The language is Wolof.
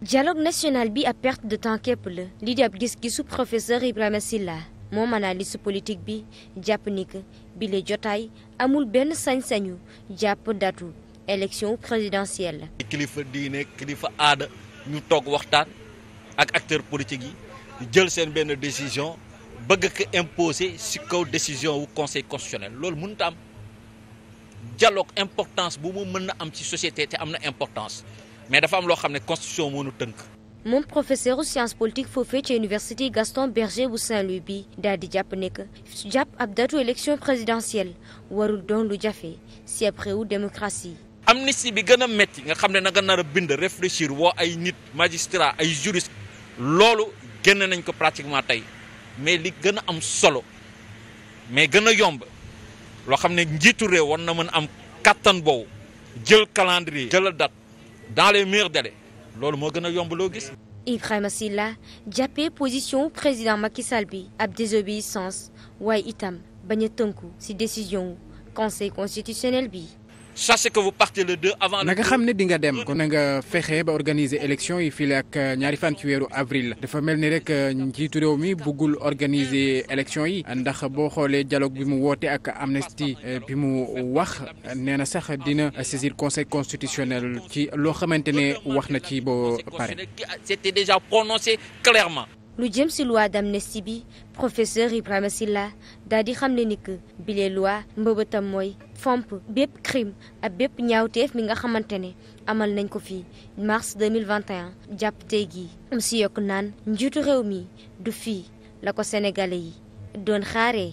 dialogue nationale bi ab perte de temps képp la lii di ab gis-gisu professeur Ibrahima Silla moom analyste politique bi jàpp ni que bile jotaay amul benn sañ-sañu jàpp datu élection présidentielle. kilifa diine kilifa aada ñu toog waxtaan ak acteur politiques yi jël seen benn décision bëgg ko imposer ci kaw décision wu conseil constitutionnel loolu mënut a am dialogue importance bu mu mën na am ci société te am na importance. mais dafa am loo xam ne constitution moo nu tënk. moom professeur u science politique foofee ci université Gaston Berger bu Saint-Louis bi daal di jàpp ne que jàpp ab datu élection présidentielle warul doon lu jafe si ab réewu démocratie. amnistie bi gën a métti nga xam ne na nga nar a bind réfléchir woo ay nit magistrat ay juriste loolu génn nañ ko pratiquement tey mais li gën a am solo mais gën a yomb loo xam ne njiitu réew war na mën am kattan boobu jël calendrier jëlal dans les meilleurs délais loolu moo gën a yomb loo gis. Ibrahima Silla jàppee position président Macky Sall bi ab désobéissance waay itam bañ a tënku ci décision conseil constitutionnel bi. sachez que vous partez le 2 avant. na xam ne di nga dem kon na fexe ba organiser élection yi fii ak euh, ñaari fan ci weeru avril dafa mel ni rek euh, njiitu réew mi bëggul organiser élection yi ndax boo xoolee dialogue bi mu woote ak amnistie euh, bi mu wax nee na sax dina saisir conseil constitutionnel ci loo xamante ne wax na ci boo pare. C'était lu jëm si loi d'amnistie bi professeur Ibrahima Silla daal di xam ne ni que bile loi mbëbëtam mooy fomp bépp crime ak bépp ñaawteef mi nga xamante ne amal nañ ko fi mars 2021 jàpp tey gii mu si yokk naan njiitu réew mi du fii la ko sénégalais yi doon xaaree.